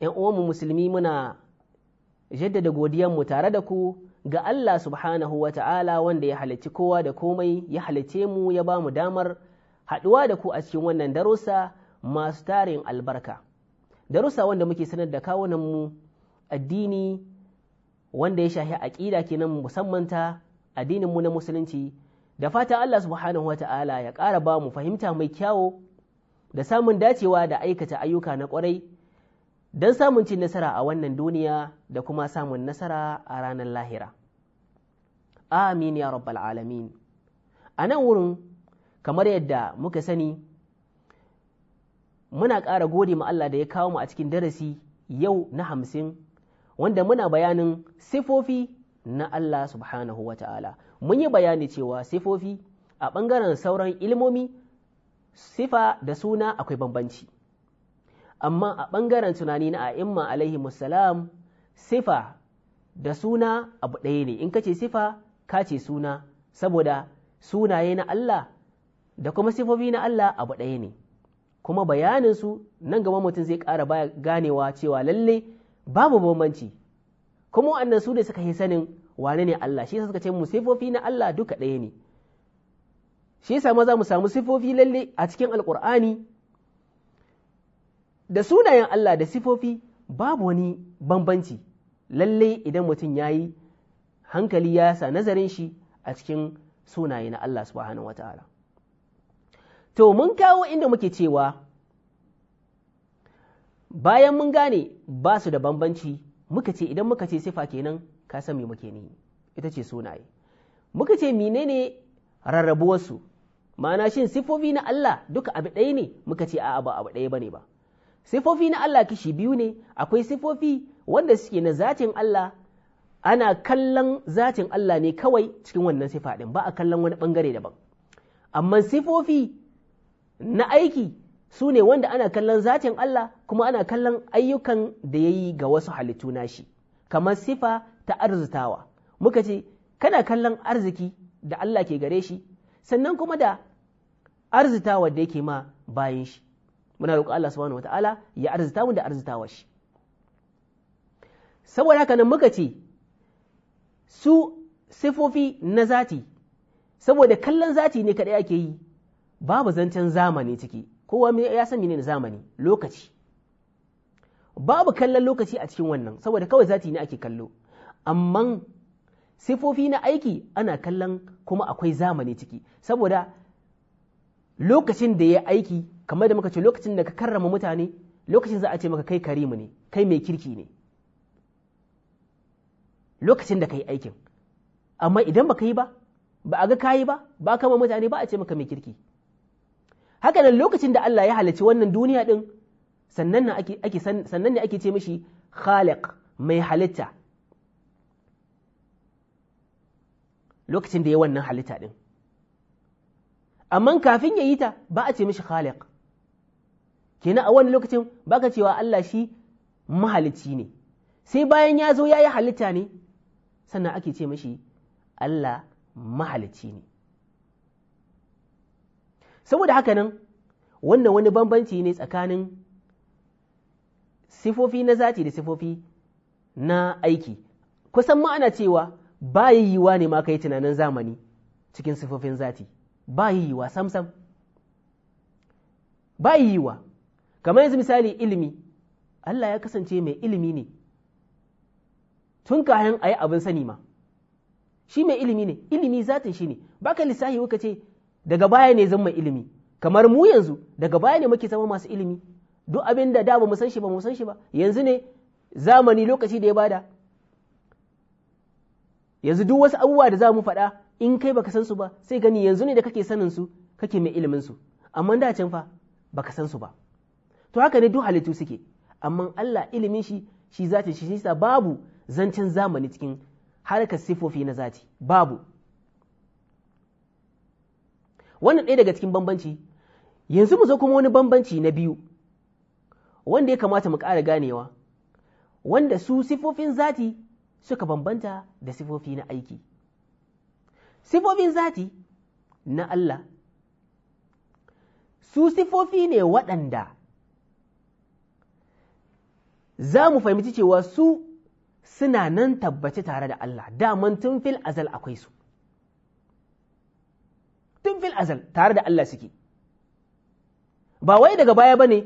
‘yan uwanmu musulmi muna jaddada godiyanmu tare da ku ga Allah subhanahu wa ta'ala wanda ya halicci kowa da komai ya halicce mu ya ba mu damar haɗuwa da ku a cikin wannan darussa masu tarin albarka. Darussa wanda muke sanar da kawunanmu addini wanda ya shahi ke nan musamman ta addininmu na musulunci da fatan Allah subhanahu wa ta'ala ya ƙara ba mu fahimta mai kyawo da samun dacewa da aikata ayyuka na ƙwarai don samun cin nasara a wannan duniya da kuma samun nasara a ranar lahira. Amin ya rabbal alamin. A nan wurin, kamar yadda muka sani, muna ƙara gode ma Allah da ya kawo mu a cikin darasi yau na hamsin, wanda muna bayanin sifofi na Allah subhanahu wa ta'ala. Mun yi bayani cewa sifofi a ɓangaren sauran ilmomi, sifa da suna akwai bambanci. amma a ɓangaren tunani na a'imma alaihi musalam sifa da suna abu ɗaya ne in ka ce sifa ka ce suna saboda sunaye na Allah da kuma sifofi na Allah abu ɗaya ne kuma bayaninsu nan gaba mutum zai ƙara ganewa cewa lalle babu bambanci kuma wannan su ne suka yi sanin wane ne Allah shi suka ce mu sifofi na Allah duka ɗaya ne shi yasa maza mu samu sifofi lalle a cikin alƙur'ani da sunayen Allah da sifofi babu wani bambanci lalle idan mutum ya yi hankali ya sa nazarin shi a cikin sunaye na Allah subhanahu wa ta'ala. To, mun kawo inda muke cewa bayan mun gane ba su da bambanci muka ce idan muka ce sifa kenan ka san me muke ni ita ce sunaye. Muka ce menene rarrabuwarsu, ma'ana shin sifofi na Allah duka abu ɗaya ne muka ce a'a ba abu ɗaya ba ne ba. sifofi na Allah kishi biyu ne akwai sifofi wanda suke na zatin Allah ana kallon zatin Allah ne kawai cikin wannan sifa ɗin ba a kallon wani ɓangare daban amma sifofi na aiki su ne wanda ana kallon zatin Allah kuma ana kallon ayyukan da ya yi ga wasu halittu nashi kamar sifa ta arzitawa muka ce kana kallon arziki da Allah ke gare shi sannan kuma da arzitawa da yake ma bayan shi muna roƙon Allah subhanahu wataala ya arzita mu da arzitawa shi saboda haka nan muka ce su sifofi na zati saboda kallon zati ne kaɗai ake yi babu zancen zamani ciki kowa ya san menene zamani lokaci babu kallon lokaci a cikin wannan saboda kawai zati ne ake kallo amma sifofi na aiki ana kallon kuma akwai zamani ciki saboda lokacin da ya aiki kamar da muka ce lokacin da ka karrama mutane lokacin za a ce maka kai karimu ne kai mai kirki ne lokacin da ka yi aikin amma idan ba ka yi ba ba a ga ka yi ba ba kama mutane ba a ce maka mai kirki haka nan lokacin da Allah ya halarci wannan duniya din sannan ne ake sannan ne ce mishi khaliq mai halitta lokacin da ya wannan halitta din amma kafin ya yi ta ba a ce mishi khaliq kenan a wani lokacin baka cewa Allah shi mahalicci ne sai bayan ya zo ya yi halitta ne sannan ake ce mashi Allah mahalicci ne saboda haka nan wannan wani bambanci ne tsakanin sifofi na zati da sifofi na aiki kusan ma'ana cewa ba yiwuwa ne ma ka yi tunanin zamani cikin sifofin zati ba yiwuwa sam-sam ba yiwuwa kamar yanzu misali ilimi Allah ya kasance mai ilimi ne tun kayan a yi abin sani ma shi mai ilimi ne ilimi zatin shi ne baka lissahi kuka ce daga baya ne zan mai ilimi kamar mu yanzu daga baya ne muke zama masu ilimi duk abin da da ba mu san shi ba mu san shi ba yanzu ne zamani lokaci da ya bada yanzu duk wasu abubuwa da za mu faɗa in kai baka san su ba sai gani yanzu ne da kake sanin su kake mai ilimin su amma da can fa baka san su ba to haka ne duk halittu suke amma Allah ilimin shi shi zati shi yasa babu zancen zamani cikin harkar sifofi na zati babu wannan ɗaya daga cikin bambanci yanzu mu zo kuma wani bambanci na biyu wanda ya kamata mu ƙara ganewa wanda su sifofin zati suka bambanta da sifofi na aiki sifofin zati na Allah su sifofi ne waɗanda za mu fahimci cewa su suna nan tabbaci tare da Allah daman tun fil azal akwai su tun fil azal tare da Allah suke ba wai daga baya ba ne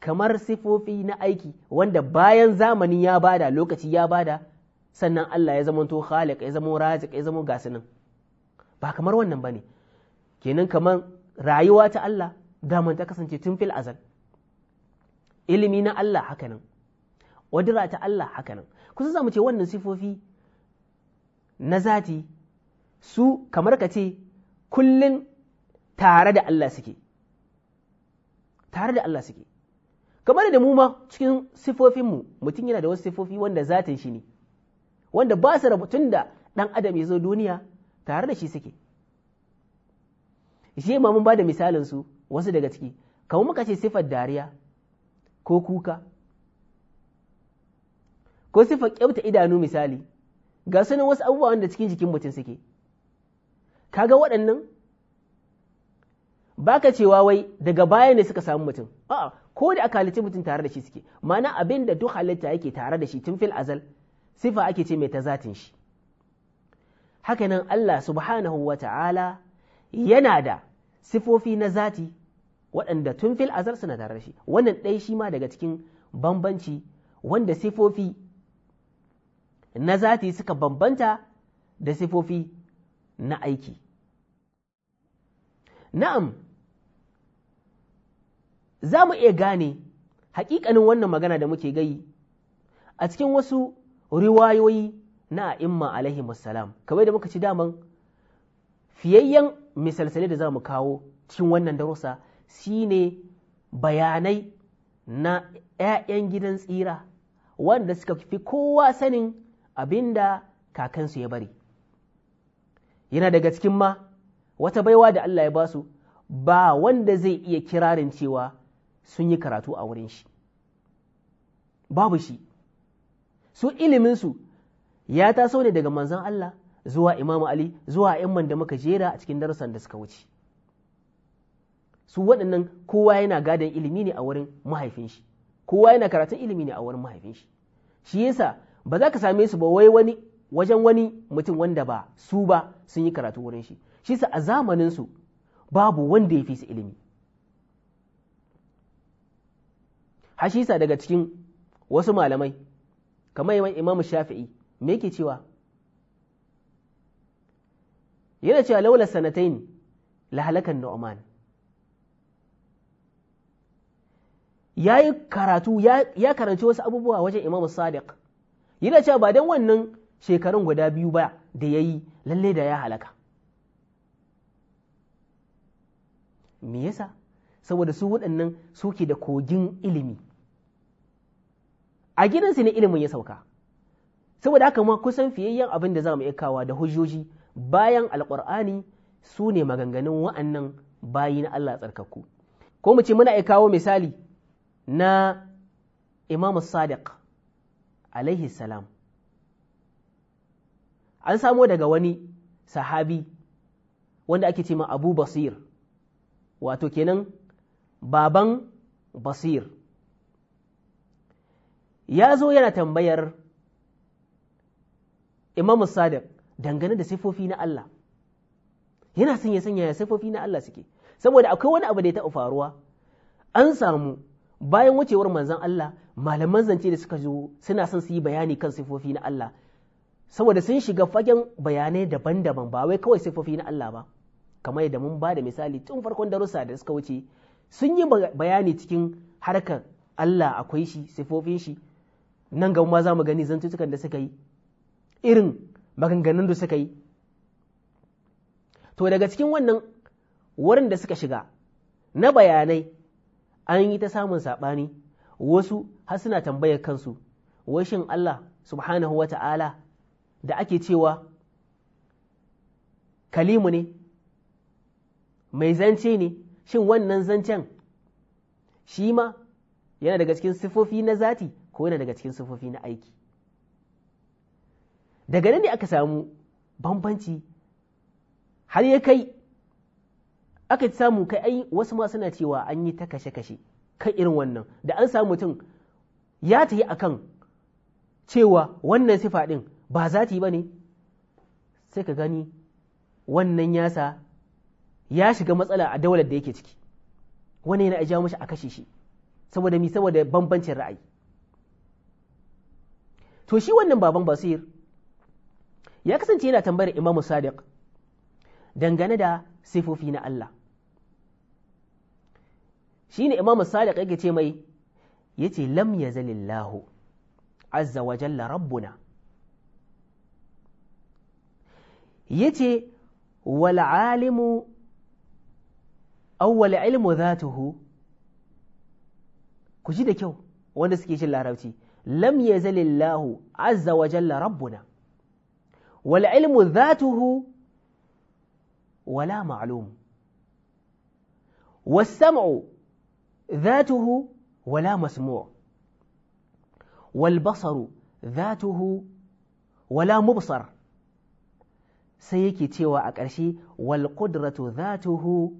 kamar sifofi na aiki wanda bayan zamani ya bada lokaci ya bada sannan Allah ya zamanto khaliq ya zamo raziq ya zamo gasinin ba kamar wannan bane. kenan kamar rayuwa ta Allah daman ta kasance tun fil azal ilimi na Allah hakanan wadira ta Allah hakanan kusa za mu ce wannan sifofi na zati su kamar ka ce kullum tare da Allah suke tare da Allah suke kamar da mu ma cikin sifofinmu mutum yana da wasu sifofi wanda zatin shi ne wanda ba su tun da ɗan adam ya zo duniya tare da shi suke shi ma mun ba da misalin su wasu daga ciki kamar muka ce sifar dariya ko kuka ko sifa kyauta idanu misali ga sanin wasu abubuwa wanda cikin jikin mutum suke kaga waɗannan Ba ka cewa wai daga baya ne suka samu mutum a'a ko da aka halicci mutum tare da shi suke ma'ana abin da duk halitta yake tare da shi tun fil azal sifa ake ce mai ta zatin shi Haka nan Allah subhanahu wa ta'ala yana da sifofi na zati waɗanda tun fil azar suna tare da shi wannan ɗaya shi ma daga cikin bambanci wanda sifofi na zati suka bambanta da sifofi na aiki na'am za mu iya gane haƙiƙanin wannan magana da muke gai a cikin wasu riwayoyi na a'imma alaihi musallam kamar da muka ci daman fiyayyen misalsalai da za mu kawo cikin wannan darussa shine bayanai na ‘ya'yan gidan tsira wanda suka fi kowa sanin abinda kakansu ya bari yana daga cikin ma wata baiwa da Allah ya basu ba wanda zai iya kirarin cewa sun yi karatu a wurin shi babu shi su iliminsu ya taso ne daga manzon Allah zuwa Imam Ali zuwa ‘yan da muka jera a cikin darussan da suka wuce. su waɗannan kowa yana gadon ilimi ne a wurin mahaifin shi kowa yana karatun ilimi ne a wurin mahaifin shi shi yasa ba za ka same su ba wai wani wajen wani mutum wanda ba su ba sun yi karatu wurin shi shi sa a zamanin su babu wanda ya fi su ilimi hashisa daga cikin wasu malamai kamar imamu shafi'i me yake cewa yana cewa laula sanataini la halakan nu'man ya yi karatu ya karanci wasu abubuwa wajen imamu sadiq yana cewa ba don wannan shekarun guda biyu ba da ya yi lalle da ya halaka me yasa saboda su waɗannan suke da kogin ilimi a gidansu ne ilimin ya sauka saboda haka ma kusan fiyayyen abin da za mu kawa da hujjoji bayan alƙur'ani su ne maganganun wa'annan bayi na Allah tsarkaku ko mu ce muna iya kawo misali na Imam Sadiq alaihi salam an samo daga wani sahabi wanda ake ce Abu Basir wato kenan baban Basir ya zo yana tambayar Imam Sadiq dangane da sifofi na Allah yana sanya sanya sifofi na Allah suke saboda akwai wani abu da ya taɓa faruwa an samu bayan wucewar manzan Allah malaman zance da suka zo suna son su yi bayani kan sifofi na Allah saboda sun shiga fagen bayanai daban-daban ba wai kawai sifofi na Allah ba kamar yadda mun ba da misali tun farkon darussa da suka wuce sun yi bayani cikin harkar Allah akwai shi sifofin shi nan ga ma za mu gani zantutukan da suka yi irin maganganun da suka yi to daga cikin wannan wurin da suka shiga na bayanai an yi ta samun saɓani wasu har suna tambayar kansu washin Allah subhanahu wa ta'ala da ake cewa kalimu ne mai zance ne shin wannan zancen shi ma yana daga cikin sifofi na zati ko yana daga cikin sifofi na aiki daga nan ne aka samu bambanci har ya kai aka samu kai ai wasu ma suna cewa an yi ta kashe-kashe Kai irin wannan da an samu mutum ya ta yi akan cewa wannan sifa ɗin ba za ta yi ba ne sai ka gani wannan yasa ya shiga matsala a daular da yake ciki wani yana ajiya mashi a kashe shi saboda mi saboda bambancin ra'ayi to shi wannan baban basir ya kasance yana tambayar imamu sadiq dangane da sifofi na Allah Shi ne imamu sadiq yake ce mai yace lam yazalillahu azza wa jalla rabbuna yace wal alimu awwal ilmu zatuhu ku ji da kyau wanda suke shin larabci lam yazalillahu azza wa jalla rabbuna wal ilmu zatuhu wala ma'lum والسمع ذاته ولا مسموع والبصر ذاته ولا مبصر sai yake cewa a ƙarshe wal qudratu zatuhu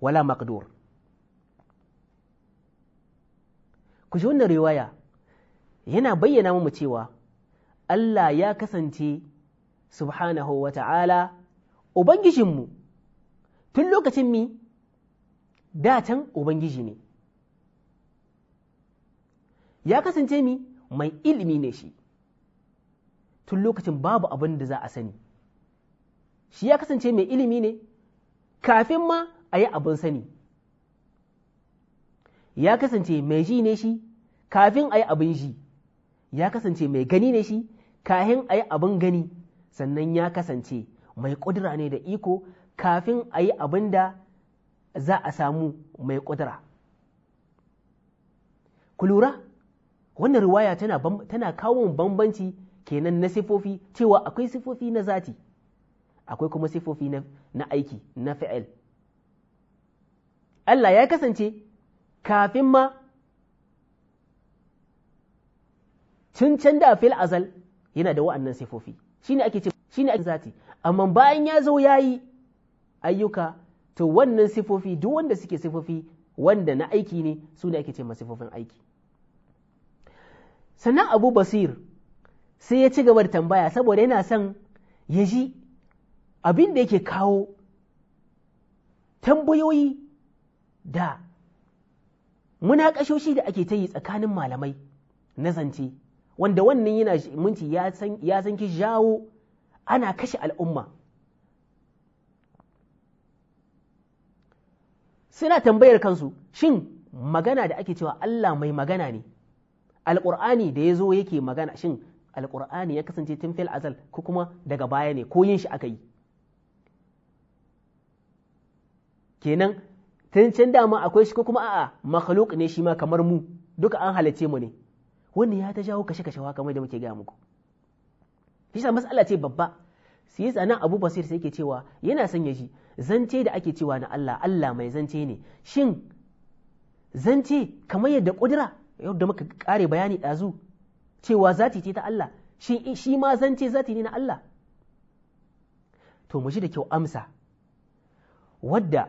wala makdur. ku ji wannan riwaya yana bayyana mu cewa Allah ya kasance subhanahu wa ta'ala ubangijinmu tun lokacin mi datan ubangiji ne ya kasance mi mai ilimi ne shi tun lokacin babu abin da za a sani shi ya kasance mai ilimi ne kafin ma a yi abin sani ya kasance mai ji ne shi kafin a yi abin ji ya kasance mai gani ne shi kafin a yi abin gani sannan ya kasance mai ƙudura ne da iko kafin a yi abin da za a samu mai ƙudura ku lura wannan riwaya tana kawo bambanci kenan na sifofi cewa akwai sifofi na zati akwai kuma sifofi na aiki na fi'il Allah ya kasance kafin ma cincin da fil azal yana da wa'annan sifofi ne ake ce shine ake zati amma bayan ya zo ya yi. ayyuka to wannan sifofi duk wanda suke sifofi wanda na aiki ne su ne ake ce sifofin aiki sannan abu basir sai ya ci gaba da tambaya saboda yana son ya ji abin da yake kawo tambayoyi da muna munakashoshi da ake ta yi tsakanin malamai na zance wanda wannan yana minti ya san ki jawo ana kashe al'umma suna tambayar kansu shin magana da ake cewa Allah mai magana ne alƙur'ani da ya zo yake magana shin alƙur'ani ya kasance tun fil azal ko kuma daga baya ne ko yin shi aka yi kenan tun can dama akwai shi ko kuma a'a makhluk ne shi ma kamar mu duka an halace mu ne wannan ya ta jawo kashe kashe wa kamar da muke gaya muku shi sa mas'ala ce babba sai yasa nan Abu Basir sai yake cewa yana son ya ji zance da ake cewa na Allah Allah mai zance ne shin zance kamar yadda kudura yadda muka kare bayani ɗazu cewa zati ce ta Allah shi ma zance zati ne na Allah to mu ji da kyau amsa wadda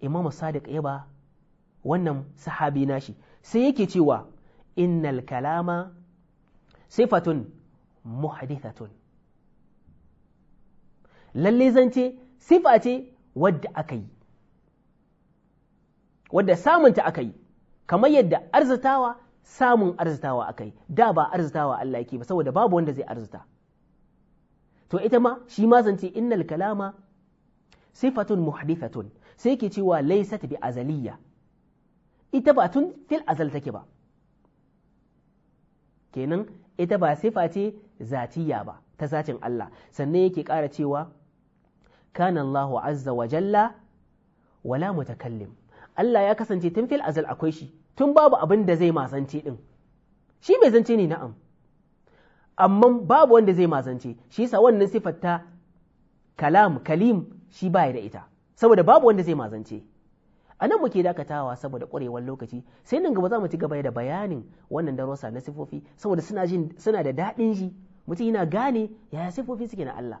imam sadiq ya ba wannan sahabi nashi sai yake cewa innal kalama sifatun muhadithatun lalle zance sifa ce wadda aka yi wadda samunta aka yi kamar yadda arzitawa samun arzitawa aka yi da ba arzitawa Allah yake ba saboda babu wanda zai arzita to ita ma shi ma zance innal kalama sifatun muhdithatun sai ke cewa laisat bi azaliyya ita ba tun fil azal take ba kenan ita ba sifa ce zatiya ba ta zacin Allah sannan yake ƙara cewa kana Allahu azza wa jalla wala mutakallim Allah ya kasance tun fil azal akwai shi tun babu abin da zai mazance din shi mai zance ne na'am amma babu wanda zai mazance shi yasa wannan sifar ta kalam kalim shi baya da ita saboda babu wanda zai mazance a nan muke dakatawa saboda ƙwarewar lokaci sai nan gaba za mu ci gaba da bayanin wannan darussa na sifofi saboda suna da daɗin ji mutum yana gane yaya sifofi suke na Allah